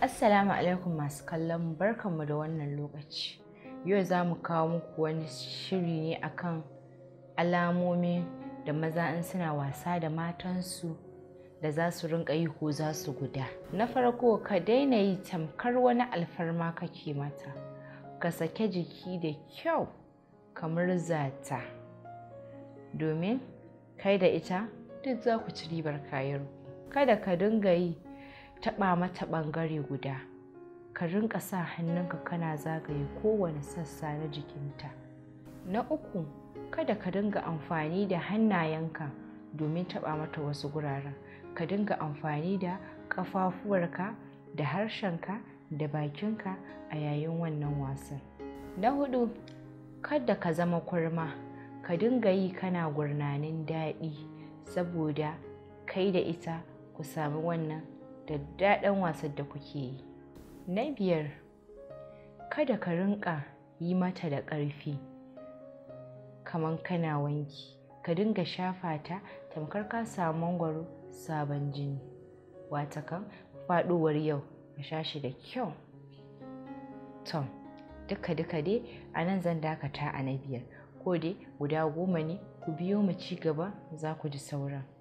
Assalamu alaikum masu kallon barkanmu da wannan lokaci. Yau za mu kawo muku wani shiri ne akan alamomi da maza in suna wasa da matansu da za su rinka yi ko za su guda. Na farko ka daina yi tamkar wani alfarma kake mata, ka sake jiki da kyau kamar zata. Domin kai da ita duk za ku ci ribar kayan. Kada ka dinga yi taɓa mata ɓangare guda ka rinka sa hannunka kana zagaye kowane sassa na jikinta na uku kada ka dinga amfani da hannayenka domin taɓa mata wasu guraren ka dinga amfani da kafafuwarka da harshenka da bakinka a yayin wannan wasan na hudu kada ka zama kurma ka dinga yi kana gurnanin daɗi saboda kai da ita ku sami wannan da daɗin wasan da kuke yi na biyar kada ka rinƙa yi mata da ƙarfi kamar kana wanki ka dinga shafa ta tamkar ka samu mangwaro sabon jini watakan faɗuwar yau ka sha shi da kyau tom duka duka dai a nan zan dakata a na biyar ko dai guda goma ne ku biyo mu ci gaba za ku ji sauran